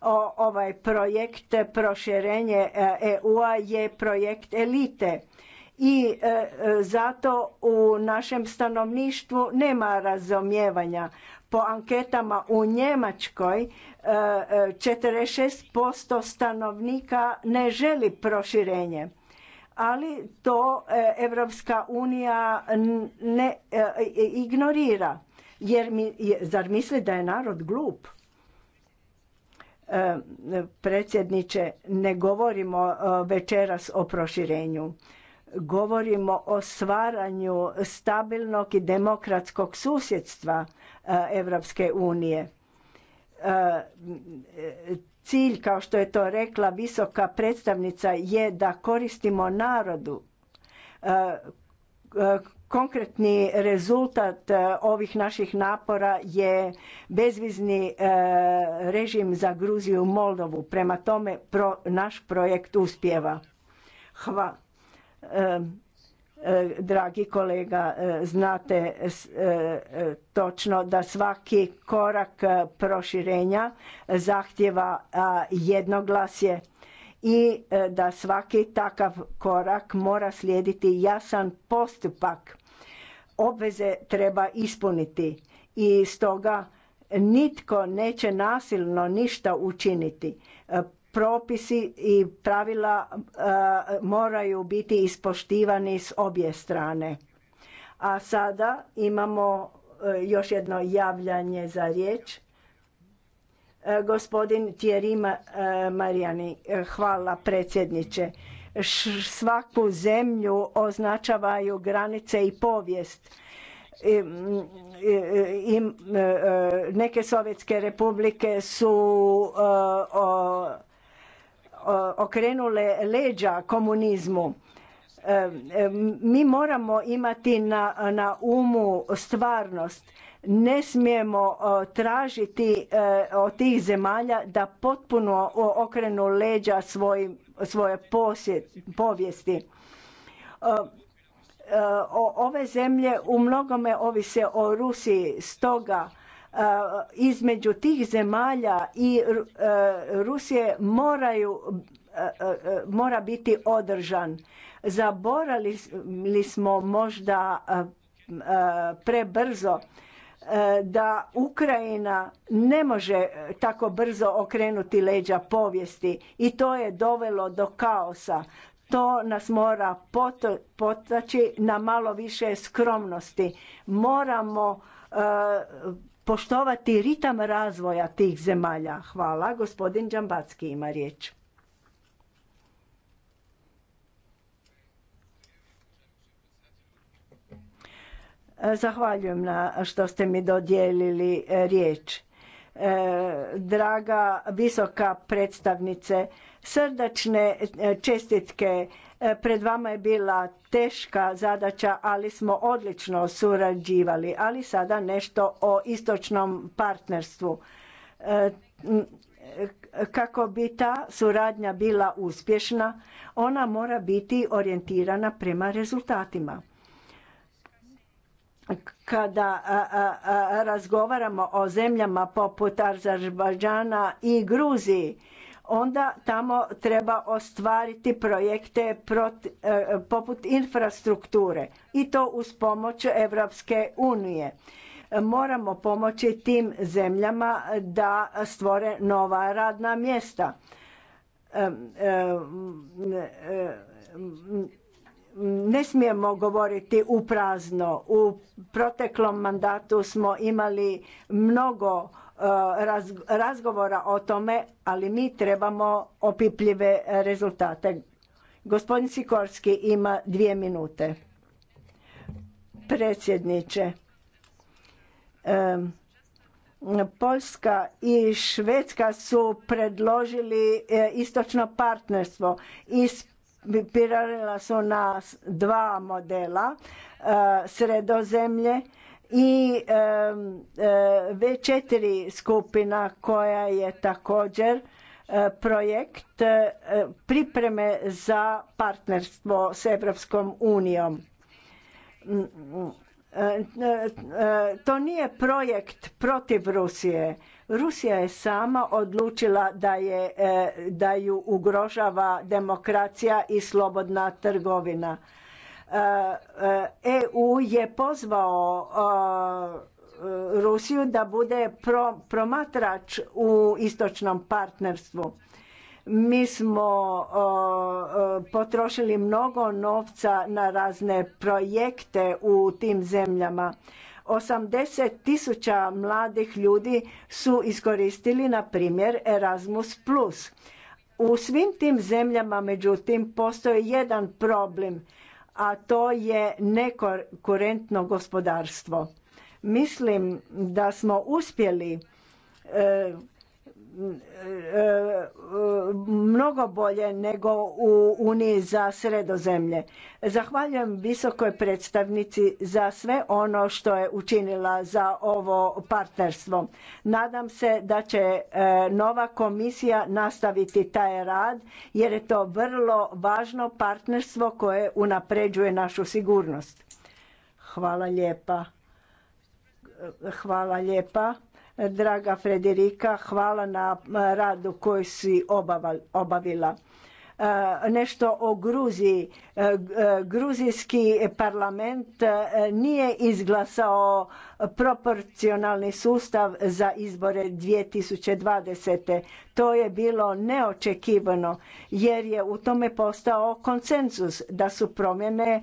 O, ovaj projekt proširenje EU-a e je projekt elite i e, zato u našem stanovništvu nema razumijevanja. Po anketama u Njemačkoj 46% e, e, stanovnika ne želi proširenje ali to e, Evropska unija ne ignorira. Jer zar misli da je narod glup? predsjedniče, ne govorimo večeras o proširenju. Govorimo o stvaranju stabilnog i demokratskog susjedstva Eh, Evropske unije. Eh, cilj, kao što je to rekla visoka predstavnica, je da koristimo narodu eh, konkretni rezultat ovih naših napora je bezvizni režim za Gruziju i Moldovu. Prema tome, pro, naš projekt uspjeva. Hvala. E, dragi kolega, e, znate e, točno da svaki korak proširenja zahtjeva jednoglasje i da svaki takav korak mora slijediti jasan postupak. Obveze treba ispuniti i stoga nitko neće nasilno ništa učiniti propisi i pravila e, moraju biti ispoštivani s obje strane. A sada imamo e, još jedno javljanje za riječ. E, gospodin Tjerima Marijani, hvala predsjedniče. Svaku zemlju označavaju granice i povijest. Neke sovjetske republike su okrenule leđa komunizmu e, e, mi moramo imati na, na umu stvarnost ne smijemo tražiti e, od tih zemalja da potpuno okrenu leđa svoj, svoje povijesti ove zemlje u mnogome ovise o rusiji stoga Eh, između tih zemalja i eh, Rusije moraju eh, mora biti održan. Zaborali smo možda prebrzo da Ukrajina ne može tako brzo okrenuti leđa povijesti i to je dovelo do kaosa. To nas mora potaći na malo više skromnosti. Moramo poštovati ritam razvoja tih zemalja. Hvala. Gospodin Đambacki ima riječ. Zahvaljujem na što ste mi dodijelili e, riječ. E, draga visoka predstavnice, srdačne e, čestitke E, pred vama je bila teška zadaća, ali smo odlično surađivali. Ali sada nešto o istočnom partnerstvu. E, e, kako bi ta suradnja bila uspješna, ona mora biti orijentirana prema rezultatima kada razgovaramo o zemljama poput Azerbajdžana i Gruziji onda tamo treba ostvariti projekte e, poput infrastrukture i to uz pomoć Europske unije. Moramo pomoći tim zemljama da stvore nova radna mjesta. E, e, ne smijemo govoriti u prazno. U proteklom mandatu smo imali mnogo Eh, razgovora o tome, ali mi trebamo opipljive rezultate. Gospodin Sikorski ima dvije minute. Predsjedniče, Poljska i Švedska su predložili eh, istočno partnerstvo. Ispirala su nas dva modela, eh, sredozemlje i e, V4 skupina koja je također e, projekt e, pripreme za partnerstvo s Europskom unijom. Mm, mm, to nije projekt protiv Rusije. Rusija je sama odlučila da, je, da ju ugrožava demokracija i slobodna trgovina EU e, e je pozvao e, Rusiju da bude promatrač u istočnom partnerstvu. Mi smo potrošili mnogo novca na razne projekte u tim zemljama. 80 tisuća mladih ljudi su iskoristili, na primjer, Erasmus+. U svim tim zemljama, međutim, postoji jedan problem – a to je nekonkurentno gospodarstvo. Mislim da smo uspjeli e, mnogo bolje nego u Uniji za sredozemlje. Zahvaljujem visokoj predstavnici za sve ono što je učinila za ovo partnerstvo. Nadam se da će e, nova komisija nastaviti taj rad jer je to vrlo važno partnerstvo koje unapređuje našu sigurnost. Hvala lijepa. Hvala lijepa. Draga Frederika, hvala na eh, radu koji si obavila. Eh, nešto o Gruziji. Eh, gruzijski parlament nije izglasao proporcionalni sustav za izbore 2020. To je bilo neočekivano jer je u tome postao konsenzus da su promjene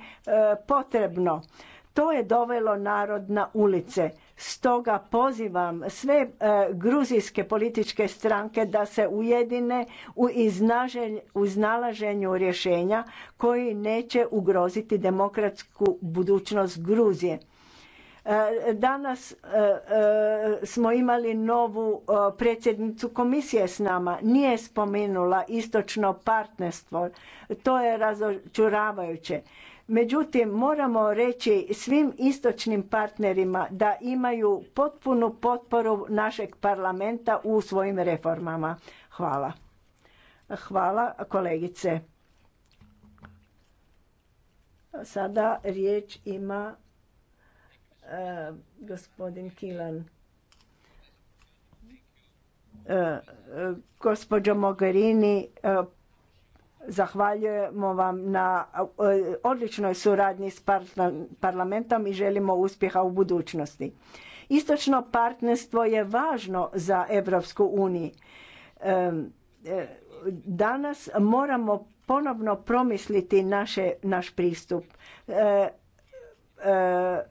potrebno. To je dovelo narod na ulice Stoga pozivam sve e, gruzijske političke stranke da se ujedine u iznalaženju rješenja koji neće ugroziti demokratsku budućnost Gruzije. E, danas e, smo imali novu predsjednicu komisije s nama. Nije spomenula istočno partnerstvo. To je razočuravajuće. Međutim, moramo reći svim istočnim partnerima da imaju potpunu potporu našeg parlamenta u svojim reformama. Hvala. Hvala kolegice. Sada riječ ima e, gospodin Kilan. E, e gospođo Mogherini, e, Zahvaljujemo vam na e, odličnoj suradnji s parlamentom i želimo uspjeha u budućnosti. Istočno partnerstvo je važno za Europsku uniju. E, e, danas moramo ponovno promisliti naše, naš pristup,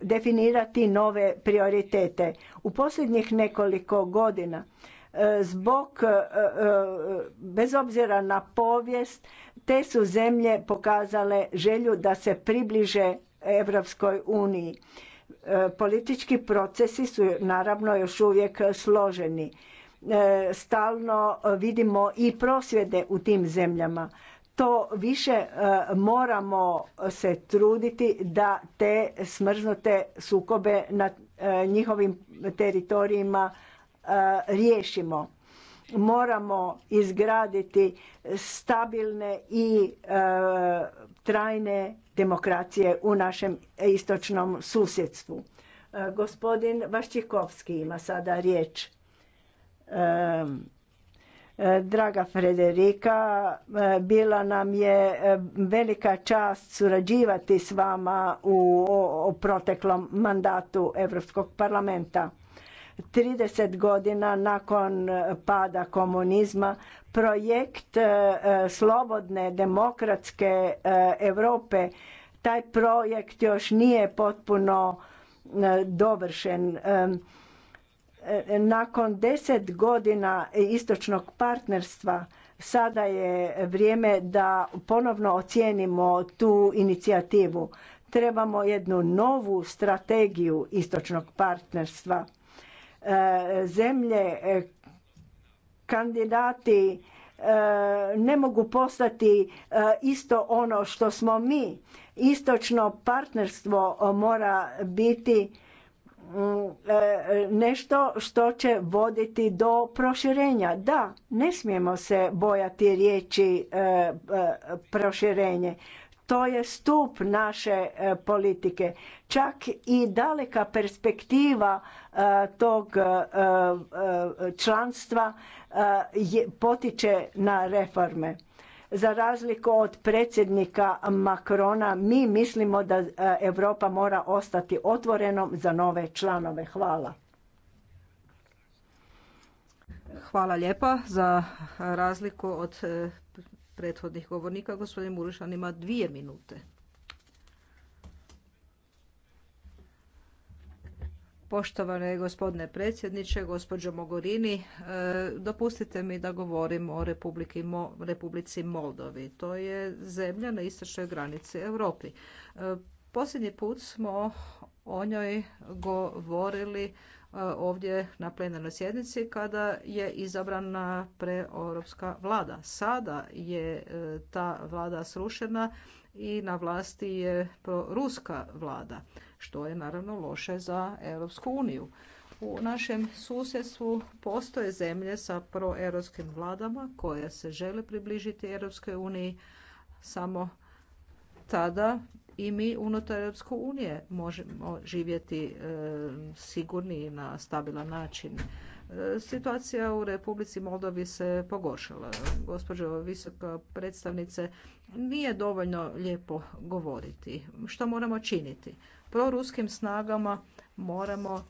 definirati nove prioritete. U posljednjih nekoliko godina zbog bez obzira na povijest te su zemlje pokazale želju da se približe Europskoj uniji. E, politički procesi su naravno još uvijek složeni. E, stalno vidimo i prosvjede u tim zemljama. To više e, moramo se truditi da te smrznute sukobe na njihovim teritorijima riješimo moramo izgraditi stabilne i e, trajne demokracije u našem istočnom susjedstvu. E, gospodin Vaščikovski ima sada riječ. E, e, draga Frederika, bila nam je velika čast surađivati s vama u, u proteklom mandatu Europskog parlamenta 30 godina nakon eh, pada komunizma projekt eh, eh, slobodne demokratske Europe taj projekt još nije potpuno dovršen nakon deset godina istočnog partnerstva sada je vrijeme da ponovno ocijenimo tu inicijativu trebamo jednu novu strategiju istočnog partnerstva zemlje e, kandidati e, ne mogu postati e, isto ono što smo mi. Istočno partnerstvo mora biti mm, nešto što će voditi do proširenja. Da, ne smijemo se bojati riječi proširenje to je stup naše e, politike. Čak i daleka perspektiva e, tog e, članstva potiče na reforme. Za razliku od predsjednika Makrona, mi mislimo da Europa mora ostati otvorenom za nove članove. Hvala. Hvala lijepa za razliku od prethodnih govornika. Gospodin Murišan ima dvije minute. Poštovane gospodine predsjedniče, gospođo Mogorini, e, dopustite mi da govorim o Republici Moldovi. To je zemlja na istočnoj granici Europi. E, posljednji put smo o njoj govorili E, ovdje na plenarnoj sjednici kada je izabrana preeuropska vlada. Sada je e, ta vlada srušena i na vlasti je proruska vlada, što je naravno loše za Europsku uniju. U našem susjedstvu postoje zemlje sa proeuropskim vladama koje se žele približiti Europskoj uniji samo tada i mi unutar Europske unije možemo živjeti e, sigurni na stabilan način. E, situacija u Republici Moldovi se pogoršala. Gospođo visoka predstavnice, nije dovoljno lijepo govoriti. Što moramo činiti? Proruskim snagama moramo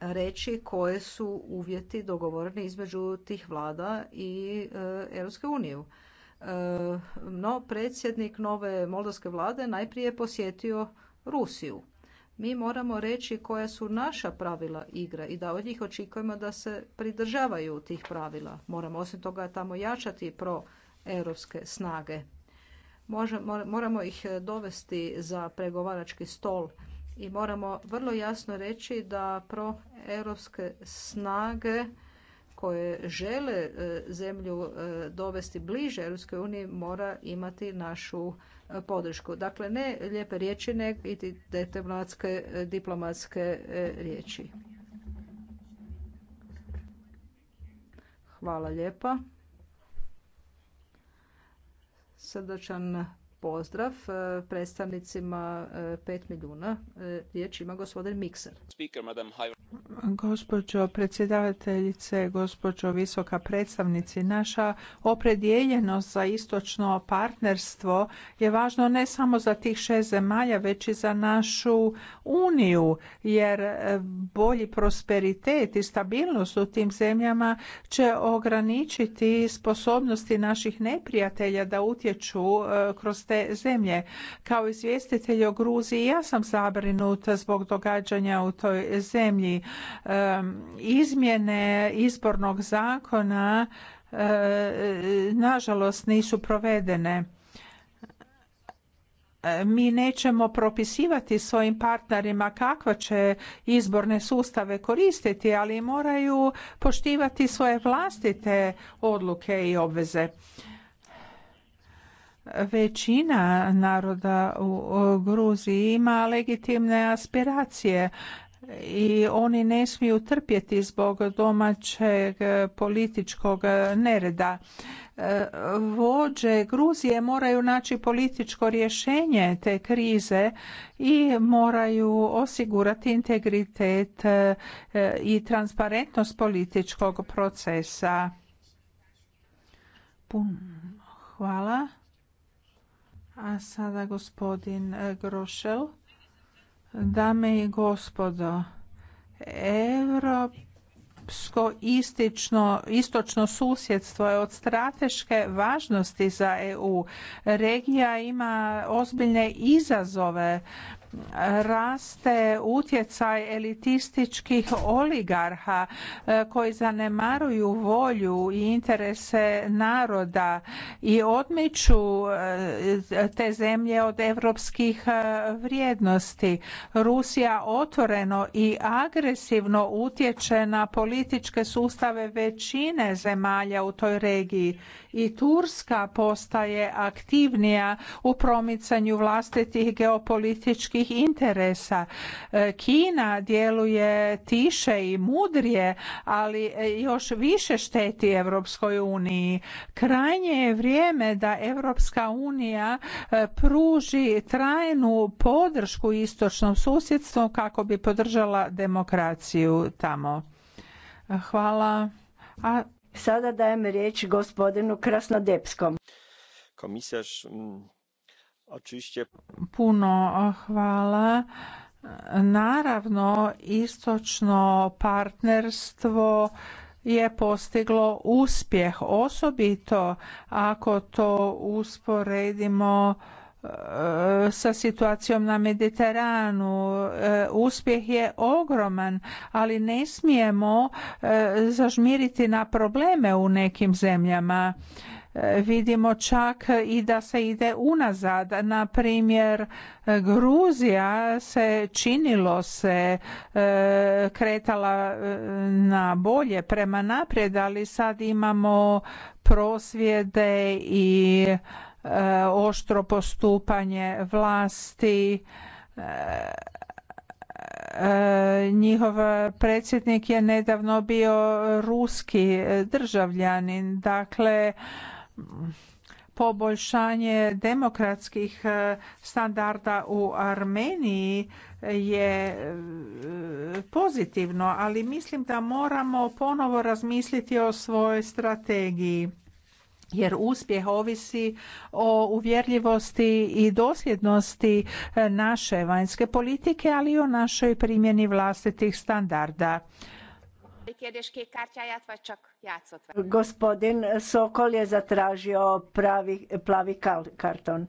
reći koje su uvjeti dogovoreni između tih vlada i e, Europske unije. No, predsjednik nove moldavske vlade najprije posjetio Rusiju. Mi moramo reći koja su naša pravila igre i da od njih očekujemo da se pridržavaju tih pravila. Moramo osim toga tamo jačati pro-europske snage. Moramo ih dovesti za pregovarački stol i moramo vrlo jasno reći da pro-europske snage koje žele e, zemlju e, dovesti bliže Europskoj uniji mora imati našu e, podršku. Dakle, ne lijepe riječi, ne i diplomatske, diplomatske riječi. Hvala lijepa. Srdačan pozdrav predstavnicima 5 milijuna. Riječ ima gospodin Mikser. Gospođo predsjedavateljice, gospođo visoka predstavnici, naša opredijeljenost za istočno partnerstvo je važno ne samo za tih šest zemalja, već i za našu uniju, jer bolji prosperitet i stabilnost u tim zemljama će ograničiti sposobnosti naših neprijatelja da utječu e, kroz te zemlje. Kao izvjestitelj o Gruziji ja sam zabrinuta zbog događanja u toj zemlji izmjene izbornog zakona nažalost nisu provedene mi nećemo propisivati svojim partnerima kakva će izborne sustave koristiti, ali moraju poštivati svoje vlastite odluke i obveze. Većina naroda u Gruziji ima legitimne aspiracije i oni ne smiju trpjeti zbog domaćeg e, političkog e, nereda. E, vođe Gruzije moraju naći političko rješenje te krize i moraju osigurati integritet i transparentnost političkog procesa. Hvala. A sada gospodin Grošel. Dame i gospodo, europsko istično, istočno susjedstvo je od strateške važnosti za EU. Regija ima ozbiljne izazove raste utjecaj elitističkih oligarha e, koji zanemaruju volju i interese naroda i odmiču e, te zemlje od europskih e, vrijednosti. Rusija otvoreno i agresivno utječe na političke sustave većine zemalja u toj regiji i Turska postaje aktivnija u promicanju vlastitih geopolitičkih interesa. E, Kina djeluje tiše i mudrije, ali e, još više šteti Europskoj uniji. Krajnje je vrijeme da Europska unija e, pruži trajnu podršku istočnom susjedstvu kako bi podržala demokraciju tamo. Hvala. A... Sada dajem riječ gospodinu Krasnodepskom. Komisarz Puno hvala. Naravno, istočno partnerstvo je postiglo uspjeh, osobito ako to usporedimo e, sa situacijom na Mediteranu. E, uspjeh je ogroman, ali ne smijemo e, zažmiriti na probleme u nekim zemljama vidimo čak i da se ide unazad. Na primjer, Gruzija se činilo se e, kretala e, na bolje prema naprijed, ali sad imamo prosvjede i e, oštro postupanje vlasti njihov predsjednik je nedavno bio ruski državljanin dakle poboljšanje demokratskih e, standarda u Armeniji je e, pozitivno, ali mislim da moramo ponovo razmisliti o svojoj strategiji jer uspjeh ovisi o uvjerljivosti i dosljednosti e, naše vanjske politike, ali i o našoj primjeni vlastitih standarda. Gospodin Sokol je zatražio plavi karton.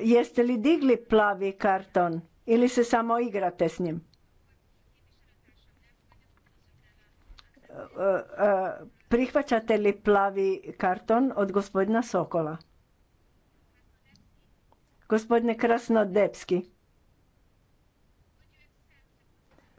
Jeste li digli plavi karton ili se samo igrate s njim? Prihvaćate li plavi karton od gospodina Sokola? Gospodine Krasnodepski.